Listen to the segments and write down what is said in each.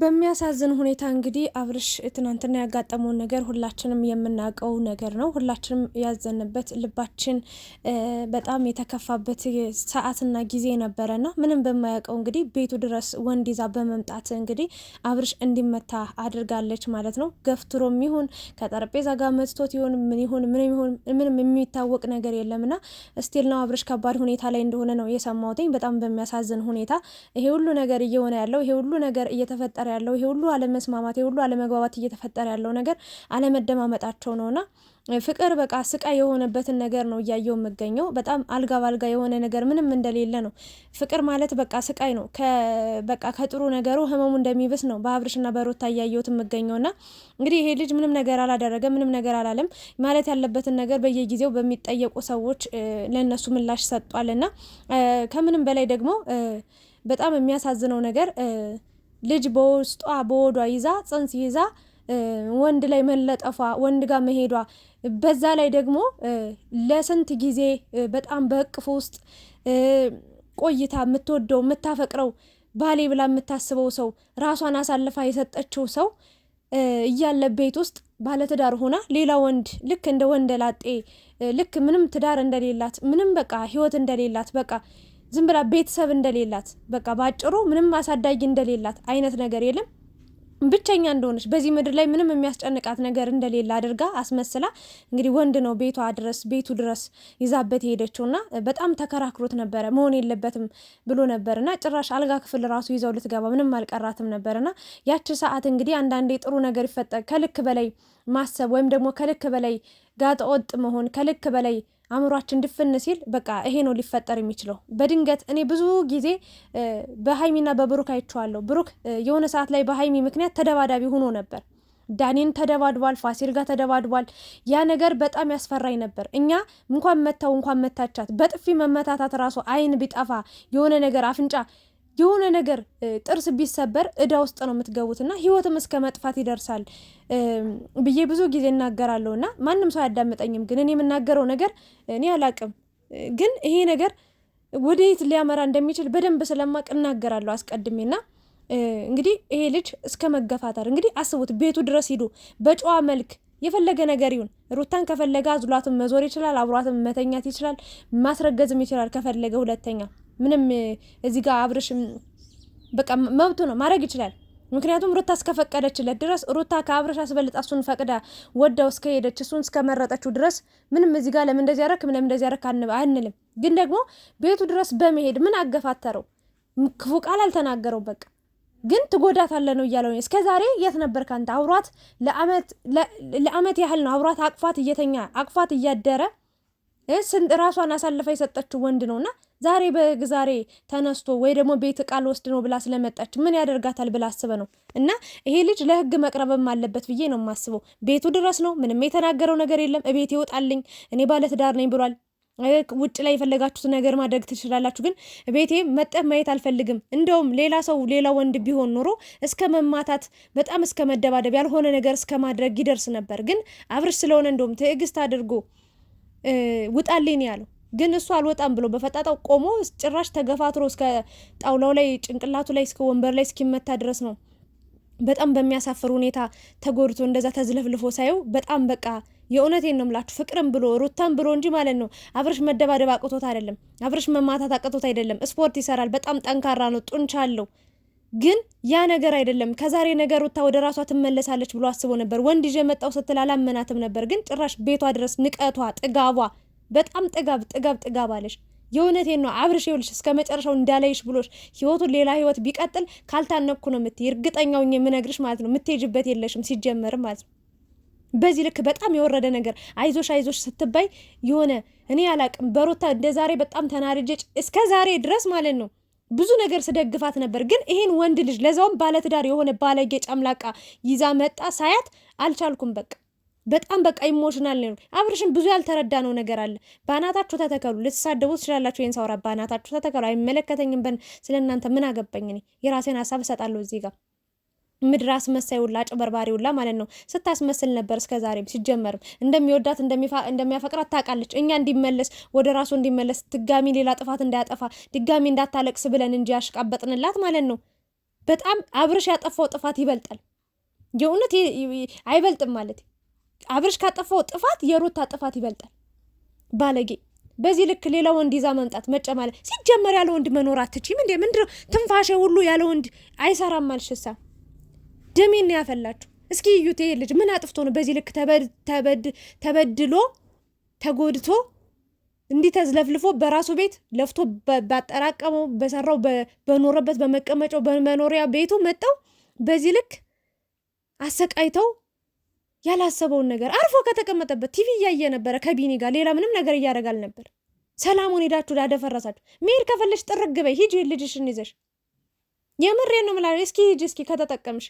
በሚያሳዝን ሁኔታ እንግዲህ አብርሽ ትናንትና ያጋጠመውን ነገር ሁላችንም የምናውቀው ነገር ነው። ሁላችንም ያዘንበት ልባችን በጣም የተከፋበት ሰዓትና ጊዜ ነበረና ምንም በማያውቀው እንግዲህ ቤቱ ድረስ ወንድ ይዛ በመምጣት እንግዲህ አብርሽ እንዲመታ አድርጋለች ማለት ነው። ገፍትሮም ይሁን ከጠረጴዛ ጋር መትቶት ይሁን ምን ይሁን ምንም የሚታወቅ ነገር የለምና ስቲል ነው አብርሽ ከባድ ሁኔታ ላይ እንደሆነ ነው የሰማሁትኝ። በጣም በሚያሳዝን ሁኔታ ይሄ ሁሉ ነገር እየሆነ ያለው ይሄ ሁሉ ነገር እየተፈጠረ እየተፈጠረ ያለው ይሄ ሁሉ አለመስማማት፣ ይሄ ሁሉ አለመግባባት እየተፈጠረ ያለው ነገር አለመደማመጣቸው ነውና ፍቅር በቃ ስቃይ የሆነበትን ነገር ነው እያየው የምገኘው። በጣም አልጋ ባልጋ የሆነ ነገር ምንም እንደሌለ ነው። ፍቅር ማለት በቃ ስቃይ ነው። በቃ ከጥሩ ነገሩ ህመሙ እንደሚብስ ነው በአብርሽና በሮታ እያየሁት ና እንግዲህ ይሄ ልጅ ምንም ነገር አላደረገ፣ ምንም ነገር አላለም። ማለት ያለበትን ነገር በየጊዜው በሚጠየቁ ሰዎች ለእነሱ ምላሽ ሰጧል ና ከምንም በላይ ደግሞ በጣም የሚያሳዝነው ነገር ልጅ በውስጧ በወዷ ይዛ ጽንስ ይዛ ወንድ ላይ መለጠፏ ወንድ ጋር መሄዷ በዛ ላይ ደግሞ ለስንት ጊዜ በጣም በእቅፍ ውስጥ ቆይታ የምትወደው የምታፈቅረው ባሌ ብላ የምታስበው ሰው ራሷን አሳልፋ የሰጠችው ሰው እያለ ቤት ውስጥ ባለትዳር ሆና ሌላ ወንድ ልክ እንደ ወንደ ላጤ ልክ ምንም ትዳር እንደሌላት ምንም በቃ ህይወት እንደሌላት በቃ ዝም ብላ ቤተሰብ እንደሌላት በቃ ባጭሩ ምንም አሳዳጊ እንደሌላት አይነት ነገር የለም ብቸኛ እንደሆነች በዚህ ምድር ላይ ምንም የሚያስጨንቃት ነገር እንደሌለ አድርጋ አስመስላ እንግዲህ ወንድ ነው ቤቷ ድረስ ቤቱ ድረስ ይዛበት የሄደችውና በጣም ተከራክሮት ነበረ። መሆን የለበትም ብሎ ነበርና ጭራሽ አልጋ ክፍል ራሱ ይዘው ልትገባ ምንም አልቀራትም ነበርና ያቺ ሰዓት እንግዲህ አንዳንዴ ጥሩ ነገር ይፈጠ ከልክ በላይ ማሰብ ወይም ደግሞ ከልክ በላይ ጋጠወጥ መሆን ከልክ በላይ አእምሯችን ድፍን ሲል በቃ ይሄ ነው ሊፈጠር የሚችለው። በድንገት እኔ ብዙ ጊዜ በሀይሚና በብሩክ አይቼዋለሁ። ብሩክ የሆነ ሰዓት ላይ በሀይሚ ምክንያት ተደባዳቢ ሆኖ ነበር። ዳኒን ተደባድቧል፣ ፋሲል ጋር ተደባድቧል። ያ ነገር በጣም ያስፈራኝ ነበር። እኛ እንኳን መታው እንኳን መታቻት በጥፊ መመታታት ራሱ አይን ቢጠፋ የሆነ ነገር አፍንጫ የሆነ ነገር ጥርስ ቢሰበር እዳ ውስጥ ነው የምትገቡት ና ህይወትም እስከ መጥፋት ይደርሳል ብዬ ብዙ ጊዜ እናገራለሁ እና ማንም ሰው አያዳምጠኝም። ግን እኔ የምናገረው ነገር እኔ አላቅም፣ ግን ይሄ ነገር ወደት ሊያመራ እንደሚችል በደንብ ስለማቅ እናገራለሁ አስቀድሜና እንግዲህ ይሄ ልጅ እስከ መገፋታር እንግዲህ አስቡት። ቤቱ ድረስ ሂዱ በጨዋ መልክ የፈለገ ነገር ይሁን ሩታን ከፈለገ አዝሏትም መዞር ይችላል፣ አብሯትም መተኛት ይችላል፣ ማስረገዝም ይችላል ከፈለገ ሁለተኛ ምንም እዚህ ጋር አብርሽ በቃ መብቱ ነው ማድረግ ይችላል። ምክንያቱም ሩታ እስከፈቀደችለት ድረስ ሩታ ከአብርሽ አስበልጣ እሱን ፈቅዳ ወዳው እስከሄደች እሱን እስከመረጠችው ድረስ ምንም እዚህ ጋር ለምን እንደዚህ ያረክ ለምን እንደዚህ ያረክ አንልም። ግን ደግሞ ቤቱ ድረስ በመሄድ ምን አገፋተረው? ክፉ ቃል አልተናገረው። በቃ ግን ትጎዳታለህ ነው እያለው። እስከ ዛሬ የት ነበር ካንተ? አብሯት ለአመት ያህል ነው አብሯት አቅፏት እየተኛ አቅፏት እያደረ ራሷን አሳልፋ የሰጠችው ወንድ ነውና ዛሬ በግዛሬ ተነስቶ ወይ ደግሞ ቤት ቃል ልወስድ ነው ብላ ስለመጣች ምን ያደርጋታል ብላ አስበ ነው። እና ይሄ ልጅ ለህግ መቅረብም አለበት ብዬ ነው የማስበው። ቤቱ ድረስ ነው፣ ምንም የተናገረው ነገር የለም። እቤት ይወጣልኝ፣ እኔ ባለትዳር ነኝ ብሏል። ውጭ ላይ የፈለጋችሁት ነገር ማድረግ ትችላላችሁ፣ ግን ቤቴ መጠፍ ማየት አልፈልግም። እንደውም ሌላ ሰው ሌላ ወንድ ቢሆን ኖሮ እስከ መማታት በጣም እስከ መደባደብ ያልሆነ ነገር እስከ ማድረግ ይደርስ ነበር። ግን አብርሽ ስለሆነ እንደውም ትዕግስት አድርጎ ውጣልኝ ያለው ግን እሱ አልወጣም ብሎ በፈጣጣው ቆሞ ጭራሽ ተገፋትሮ እስከ ጣውላው ላይ ጭንቅላቱ ላይ እስከ ወንበር ላይ እስኪመታ ድረስ ነው። በጣም በሚያሳፍር ሁኔታ ተጎድቶ እንደዛ ተዝለፍልፎ ሳየው በጣም በቃ የእውነቴን ነው የምላችሁ። ፍቅርም ብሎ ሩታም ብሎ እንጂ ማለት ነው አብርሽ መደባደብ አቅቶት አይደለም፣ አብርሽ መማታት አቅቶት አይደለም። ስፖርት ይሰራል፣ በጣም ጠንካራ ነው፣ ጡንቻ አለው። ግን ያ ነገር አይደለም። ከዛሬ ነገር ሩታ ወደ ራሷ ትመለሳለች ብሎ አስቦ ነበር። ወንድ ይዤ መጣው ስትል አላመናትም ነበር። ግን ጭራሽ ቤቷ ድረስ ንቀቷ፣ ጥጋቧ በጣም ጥጋብ ጥጋብ ጥጋብ አለሽ። የእውነቴን ነው አብርሽ፣ ይኸውልሽ እስከ መጨረሻው እንዳላይሽ ብሎሽ ህይወቱን ሌላ ህይወት ቢቀጥል ካልታነኩ ነው የምትይ። እርግጠኛው የምነግርሽ ማለት ነው የምትሄጅበት የለሽም ሲጀመርም ማለት ነው። በዚህ ልክ በጣም የወረደ ነገር አይዞሽ አይዞሽ ስትባይ የሆነ እኔ አላቅም። በሮታ እንደ ዛሬ በጣም ተናድጄ እስከ ዛሬ ድረስ ማለት ነው ብዙ ነገር ስደግፋት ነበር። ግን ይሄን ወንድ ልጅ ለዛውም ባለትዳር የሆነ ባለጌ ጨምላቃ ይዛ መጣ ሳያት አልቻልኩም በቃ በጣም በቃ ኢሞሽናል ነው። አብርሽን ብዙ ያልተረዳ ነው ነገር አለ። በአናታችሁ ተተከሉ፣ ልትሳደቡ ትችላላችሁ። ይህን ሰውራ በአናታችሁ ተተከሉ። አይመለከተኝም በን ስለ እናንተ ምን አገባኝ እኔ የራሴን ሀሳብ እሰጣለሁ እዚህ ጋር ምድር አስመሳይ ውላ አጭበርባሪ ውላ ማለት ነው። ስታስመስል ነበር እስከ ዛሬም። ሲጀመርም እንደሚወዳት እንደሚያፈቅራት ታውቃለች። እኛ እንዲመለስ ወደ ራሱ እንዲመለስ ድጋሚ ሌላ ጥፋት እንዳያጠፋ ድጋሚ እንዳታለቅስ ብለን እንጂ ያሽቃበጥንላት ማለት ነው። በጣም አብርሽ ያጠፋው ጥፋት ይበልጣል። የእውነት አይበልጥም ማለት አብርሽ ካጠፋው ጥፋት የሩታ ጥፋት ይበልጣል። ባለጌ በዚህ ልክ ሌላ ወንድ ይዛ መምጣት መጨማለ ሲጀመር ያለ ወንድ መኖር አትችም እንዴ? ምንድን ትንፋሽ ሁሉ ያለ ወንድ አይሰራም። አልሽሳ ደሜን ያፈላችሁ። እስኪ እዩት፣ ይሄ ልጅ ምን አጥፍቶ ነው በዚህ ልክ ተበድሎ ተጎድቶ እንዲህ ተዝለፍልፎ በራሱ ቤት ለፍቶ ባጠራቀመው በሰራው በኖረበት በመቀመጫው በመኖሪያ ቤቱ መጠው በዚህ ልክ አሰቃይተው ያላሰበውን ነገር አርፎ ከተቀመጠበት ቲቪ እያየ ነበረ ከቢኒ ጋር ሌላ ምንም ነገር እያደረጋል ነበር። ሰላሙን ሄዳችሁ ዳደፈረሳችሁ። መሄድ ከፈለሽ ጥርግ በይ ሂጂ፣ ልጅሽን ይዘሽ የምሬ ነው ምላ እስኪ ሂጂ እስኪ ከተጠቀምሽ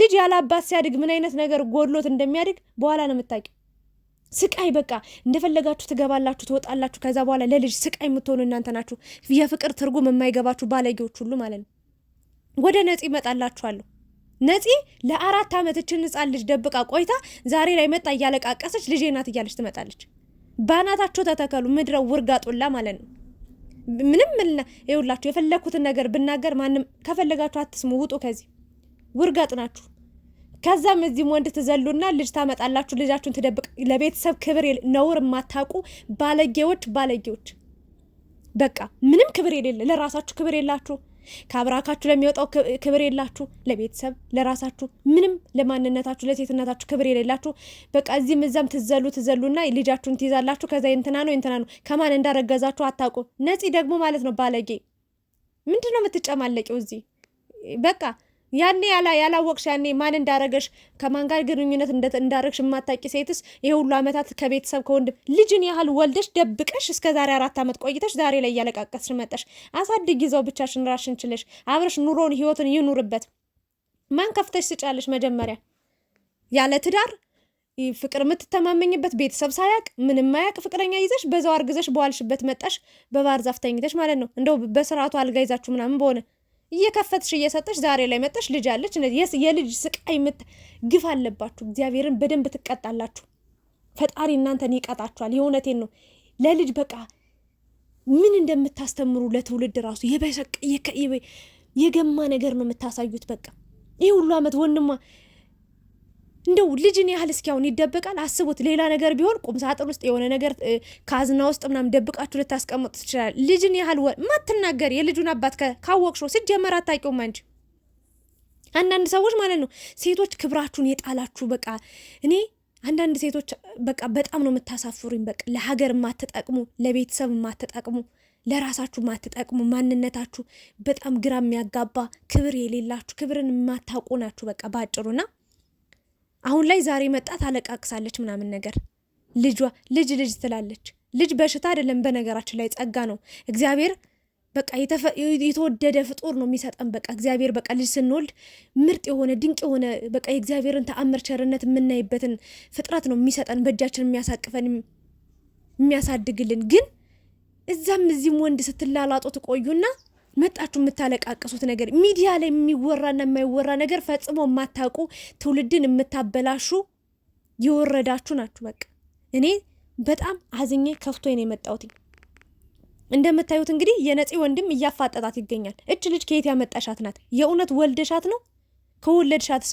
ልጅ ያለ አባት ሲያድግ ምን አይነት ነገር ጎድሎት እንደሚያድግ በኋላ ነው የምታውቂው። ስቃይ በቃ እንደፈለጋችሁ ትገባላችሁ፣ ትወጣላችሁ። ከዛ በኋላ ለልጅ ስቃይ የምትሆኑ እናንተ ናችሁ። የፍቅር ትርጉም የማይገባችሁ ባለጌዎች ሁሉ ማለት ነው። ወደ ነፂ እመጣላችኋለሁ። ነፂ ለአራት ዓመት እችን ህፃን ልጅ ደብቃ ቆይታ ዛሬ ላይ መጣ እያለቃቀሰች ልጄ ናት እያለች ትመጣለች። በአናታቸው ተተከሉ ምድረ ውርጋጡላ ማለት ነው። ምንም ይውላችሁ የፈለግኩትን ነገር ብናገር ማንም ከፈለጋችሁ አትስሙ፣ ውጡ ከዚህ ውርጋጥ ናችሁ። ከዛም እዚህም ወንድ ትዘሉና ልጅ ታመጣላችሁ፣ ልጃችሁን ትደብቅ። ለቤተሰብ ክብር ነውር የማታውቁ ባለጌዎች ባለጌዎች፣ በቃ ምንም ክብር የሌለ ለራሳችሁ ክብር የላችሁ ከአብራካችሁ ለሚወጣው ክብር የላችሁ፣ ለቤተሰብ ለራሳችሁ፣ ምንም ለማንነታችሁ ለሴትነታችሁ ክብር የሌላችሁ በቃ እዚህም እዛም ትዘሉ ትዘሉና ልጃችሁን ትይዛላችሁ። ከዛ እንትና ነው እንትና ነው ከማን እንዳረገዛችሁ አታውቁ። ነፂ ደግሞ ማለት ነው ባለጌ ምንድን ነው የምትጨማለቂው እዚህ በቃ ያኔ ያላ ያላወቅሽ ያኔ ማን እንዳረገሽ ከማን ጋር ግንኙነት እንዳረግሽ የማታቂ ሴትስ ይሄ ሁሉ ዓመታት ከቤተሰብ ከወንድም ልጅን ያህል ወልደሽ ደብቀሽ እስከ ዛሬ አራት ዓመት ቆይተሽ ዛሬ ላይ እያለቃቀስሽ መጠሽ አሳድግ ይዘው ብቻሽን ራሽን ችለሽ አብረሽ ኑሮን ህይወትን ይኑርበት። ማን ከፍተሽ ስጫለሽ? መጀመሪያ ያለ ትዳር ፍቅር የምትተማመኝበት ቤተሰብ ሳያቅ ምንም ማያቅ ፍቅረኛ ይዘሽ በዛው አርግዘሽ በዋልሽበት መጣሽ። በባህር ዛፍ ተኝተሽ ማለት ነው። እንደው በስርዓቱ አልጋ ይዛችሁ ምናምን በሆነ እየከፈትሽ እየሰጠሽ ዛሬ ላይ መጠሽ ልጅ አለች። የልጅ ስቃይ ምት ግፍ አለባችሁ። እግዚአብሔርን በደንብ ትቀጣላችሁ። ፈጣሪ እናንተን ይቀጣችኋል። የእውነቴን ነው። ለልጅ በቃ ምን እንደምታስተምሩ ለትውልድ ራሱ የገማ ነገር ነው የምታሳዩት። በቃ ይህ ሁሉ አመት ወንድሟ እንደው ልጅን ያህል እስኪ አሁን ይደበቃል። አስቡት፣ ሌላ ነገር ቢሆን ቁም ሳጥን ውስጥ የሆነ ነገር ካዝና ውስጥ ምናምን ደብቃችሁ ልታስቀምጡ ትችላል። ልጅን ያህል ማትናገር የልጁን አባት ካወቅሽው ሲጀመር አታውቂውም አንቺ። አንዳንድ ሰዎች ማለት ነው ሴቶች ክብራችሁን የጣላችሁ በቃ እኔ አንዳንድ ሴቶች በቃ በጣም ነው የምታሳፍሩኝ። በቃ ለሀገር ማትጠቅሙ፣ ለቤተሰብ ማትጠቅሙ፣ ለራሳችሁ ማትጠቅሙ፣ ማንነታችሁ በጣም ግራ የሚያጋባ ክብር የሌላችሁ ክብርን የማታውቁ ናችሁ። በቃ ባጭሩና አሁን ላይ ዛሬ መጣ ታለቃቅሳለች ምናምን ነገር ልጇ ልጅ ልጅ ትላለች። ልጅ በሽታ አይደለም በነገራችን ላይ ጸጋ ነው። እግዚአብሔር በቃ የተወደደ ፍጡር ነው የሚሰጠን። በቃ እግዚአብሔር በቃ ልጅ ስንወልድ ምርጥ የሆነ ድንቅ የሆነ በቃ የእግዚአብሔርን ተአምር ቸርነት የምናይበትን ፍጥረት ነው የሚሰጠን፣ በእጃችን የሚያሳቅፈን የሚያሳድግልን። ግን እዛም እዚህም ወንድ ስትላላጡ ትቆዩና መጣችሁ የምታለቃቀሱት ነገር ሚዲያ ላይ የሚወራና የማይወራ ነገር ፈጽሞ የማታውቁ ትውልድን የምታበላሹ የወረዳችሁ ናችሁ። በቃ እኔ በጣም አዝኜ ከፍቶ ነው የመጣሁት። እንደምታዩት እንግዲህ የነፂ ወንድም እያፋጠጣት ይገኛል። እች ልጅ ከየት ያመጣሻት ናት? የእውነት ወልደሻት ነው? ከወለድሻትስ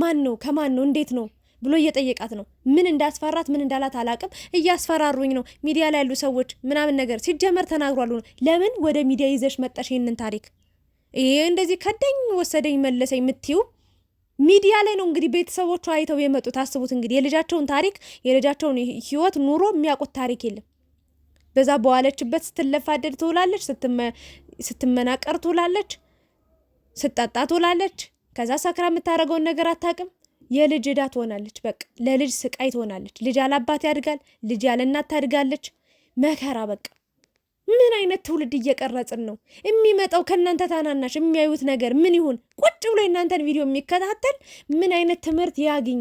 ማን ነው? ከማን ነው? እንዴት ነው ብሎ እየጠየቃት ነው። ምን እንዳስፈራት ምን እንዳላት አላቅም። እያስፈራሩኝ ነው ሚዲያ ላይ ያሉ ሰዎች ምናምን ነገር ሲጀመር ተናግሯሉ። ለምን ወደ ሚዲያ ይዘሽ መጣሽ? ይህንን ታሪክ ይሄ እንደዚህ ከደኝ ወሰደኝ መለሰኝ የምትዩ ሚዲያ ላይ ነው እንግዲህ ቤተሰቦቹ አይተው የመጡት። አስቡት እንግዲህ የልጃቸውን ታሪክ የልጃቸውን ህይወት ኑሮ የሚያውቁት ታሪክ የለም። በዛ በዋለችበት ስትለፋደድ ትውላለች፣ ስትመናቀር ትውላለች፣ ስጠጣ ትውላለች። ከዛ ሰክራ የምታደርገውን ነገር አታውቅም። የልጅ እዳ ትሆናለች። በቃ ለልጅ ስቃይ ትሆናለች። ልጅ ያላባት ያድጋል፣ ልጅ ያለናት ታድጋለች። መከራ በቃ ምን አይነት ትውልድ እየቀረጽን ነው? የሚመጣው ከእናንተ ታናናሽ የሚያዩት ነገር ምን ይሁን? ቁጭ ብሎ የእናንተን ቪዲዮ የሚከታተል ምን አይነት ትምህርት ያግኝ?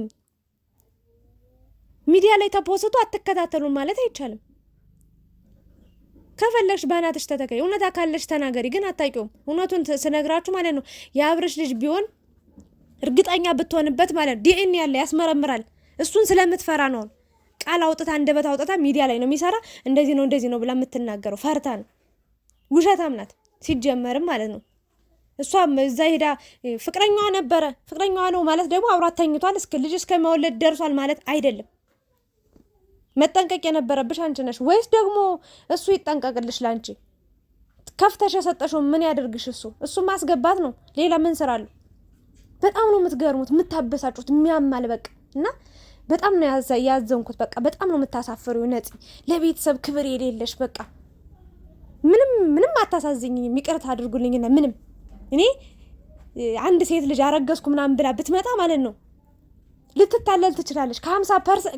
ሚዲያ ላይ ተፖስቶ አትከታተሉን ማለት አይቻልም። ከፈለግሽ በእናትሽ ተተከይ፣ እውነታ ካለሽ ተናገሪ። ግን አታውቂውም። እውነቱን ስነግራችሁ ማለት ነው የአብርሽ ልጅ ቢሆን እርግጠኛ ብትሆንበት ማለት ነው። ዲኤን ያለ ያስመረምራል። እሱን ስለምትፈራ ነው። ቃል አውጥታ እንደበት አውጥታ ሚዲያ ላይ ነው የሚሰራ እንደዚህ ነው እንደዚህ ነው ብላ የምትናገረው ፈርታ ነው። ውሸታም ናት ሲጀመርም ማለት ነው። እሷ እዛ ሄዳ ፍቅረኛዋ ነበረ ፍቅረኛዋ ነው ማለት ደግሞ አብራት ተኝቷል እስከ ልጅ እስከ መወለድ ደርሷል ማለት አይደለም። መጠንቀቅ የነበረብሽ አንቺ ነሽ፣ ወይስ ደግሞ እሱ ይጠንቀቅልሽ ለአንቺ ከፍተሽ የሰጠሽው ምን ያደርግሽ? እሱ እሱ ማስገባት ነው። ሌላ ምን ስራ አለው? በጣም ነው የምትገርሙት፣ የምታበሳጩት፣ የሚያማል በቃ እና በጣም ነው ያዘንኩት። በቃ በጣም ነው የምታሳፍሩ ነፂ፣ ለቤተሰብ ክብር የሌለሽ በቃ ምንም ምንም አታሳዝኝም። ይቅርታ አድርጉልኝና ምንም እኔ አንድ ሴት ልጅ አረገዝኩ ምናምን ብላ ብትመጣ ማለት ነው ልትታለል ትችላለች። ከሀምሳ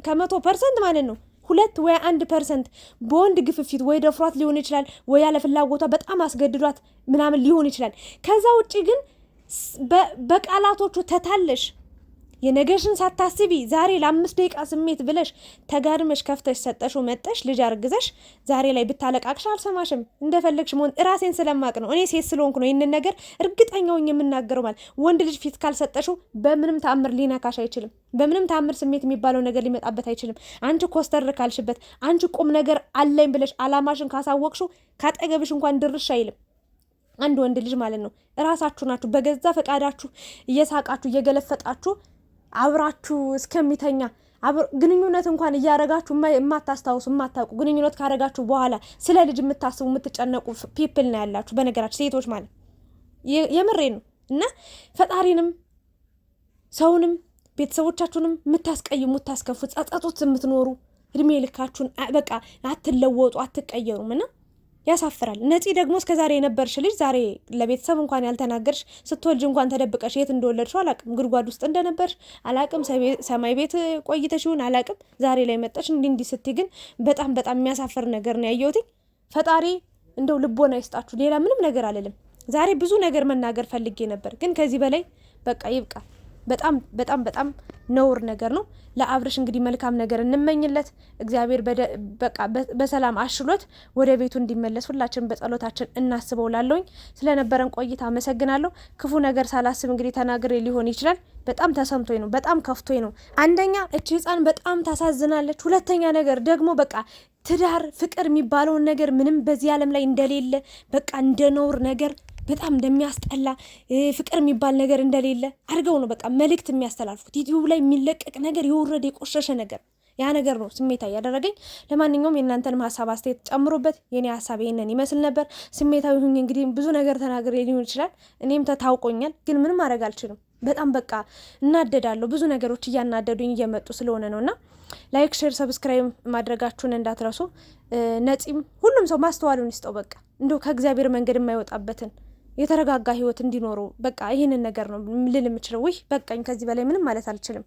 ከመቶ ፐርሰንት ማለት ነው ሁለት ወይ አንድ ፐርሰንት በወንድ ግፍፊት ወይ ደፍሯት ሊሆን ይችላል፣ ወይ ያለ ፍላጎቷ በጣም አስገድዷት ምናምን ሊሆን ይችላል። ከዛ ውጭ ግን በቃላቶቹ ተታለሽ የነገሽን ሳታስቢ ዛሬ ለአምስት ደቂቃ ስሜት ብለሽ ተጋድመሽ ከፍተሽ ሰጠሽ መጠሽ ልጅ አርግዘሽ ዛሬ ላይ ብታለቃቅሽ አልሰማሽም። እንደፈለግሽ መሆን እራሴን ስለማቅ ነው። እኔ ሴት ስለሆንኩ ነው ይህንን ነገር እርግጠኛውኝ የምናገረው። ማለት ወንድ ልጅ ፊት ካልሰጠሹ በምንም ተአምር ሊነካሽ አይችልም። በምንም ተአምር ስሜት የሚባለው ነገር ሊመጣበት አይችልም። አንቺ ኮስተር ካልሽበት፣ አንቺ ቁም ነገር አለኝ ብለሽ አላማሽን ካሳወቅሽው ካጠገብሽ እንኳን ድርሽ አይልም። አንድ ወንድ ልጅ ማለት ነው እራሳችሁ ናችሁ በገዛ ፈቃዳችሁ እየሳቃችሁ እየገለፈጣችሁ አብራችሁ እስከሚተኛ ግንኙነት እንኳን እያረጋችሁ የማታስታውሱ የማታውቁ ግንኙነት ካረጋችሁ በኋላ ስለ ልጅ የምታስቡ የምትጨነቁ ፒፕል ነው ያላችሁ። በነገራችሁ ሴቶች ማለት የምሬ ነው እና ፈጣሪንም ሰውንም ቤተሰቦቻችሁንም የምታስቀይሙ የምታስከፉ ጸጸቶት የምትኖሩ እድሜ ልካችሁን በቃ አትለወጡ፣ አትቀየሩም እና ያሳፍራል። ነፂ ደግሞ እስከ ዛሬ የነበርሽ ልጅ ዛሬ ለቤተሰብ እንኳን ያልተናገርሽ ስትወልጅ እንኳን ተደብቀሽ የት እንደወለድሽው አላቅም፣ ጉድጓድ ውስጥ እንደነበርሽ አላቅም፣ ሰማይ ቤት ቆይተሽ ይሁን አላቅም፣ ዛሬ ላይ መጠሽ እንዲህ እንዲህ ስትይ ግን በጣም በጣም የሚያሳፍር ነገር ነው ያየሁት። ፈጣሪ እንደው ልቦና ይስጣችሁ። ሌላ ምንም ነገር አልልም። ዛሬ ብዙ ነገር መናገር ፈልጌ ነበር፣ ግን ከዚህ በላይ በቃ ይብቃል። በጣም በጣም በጣም ነውር ነገር ነው። ለአብርሽ እንግዲህ መልካም ነገር እንመኝለት። እግዚአብሔር በቃ በሰላም አሽሎት ወደ ቤቱ እንዲመለስ ሁላችን በጸሎታችን እናስበው። ላለውኝ ስለነበረን ቆይታ አመሰግናለሁ። ክፉ ነገር ሳላስብ እንግዲህ ተናግሬ ሊሆን ይችላል። በጣም ተሰምቶኝ ነው። በጣም ከፍቶኝ ነው። አንደኛ እቺ ህፃን በጣም ታሳዝናለች። ሁለተኛ ነገር ደግሞ በቃ ትዳር ፍቅር የሚባለውን ነገር ምንም በዚህ ዓለም ላይ እንደሌለ በቃ እንደ ነውር ነገር በጣም እንደሚያስጠላ ፍቅር የሚባል ነገር እንደሌለ አድርገው ነው በቃ መልእክት የሚያስተላልፉት። ዩቲዩብ ላይ የሚለቀቅ ነገር የወረደ የቆሸሸ ነገር ያ ነገር ነው ስሜታዊ ያደረገኝ። ለማንኛውም የእናንተን ሀሳብ አስተያየት ጨምሮበት፣ የኔ ሀሳብ ይህንን ይመስል ነበር። ስሜታዊ ሁኝ እንግዲህ ብዙ ነገር ተናግሬ ሊሆን ይችላል። እኔም ተታውቆኛል፣ ግን ምንም ማድረግ አልችልም። በጣም በቃ እናደዳለሁ። ብዙ ነገሮች እያናደዱኝ እየመጡ ስለሆነ ነው እና ላይክ፣ ሼር፣ ሰብስክራይብ ማድረጋችሁን እንዳትረሱ። ነፂም ሁሉም ሰው ማስተዋሉን ይስጠው። በቃ እንዲሁ ከእግዚአብሔር መንገድ የማይወጣበትን የተረጋጋ ህይወት እንዲኖሩ በቃ ይህንን ነገር ነው ልል የምችለው። ውይ በቃኝ፣ ከዚህ በላይ ምንም ማለት አልችልም።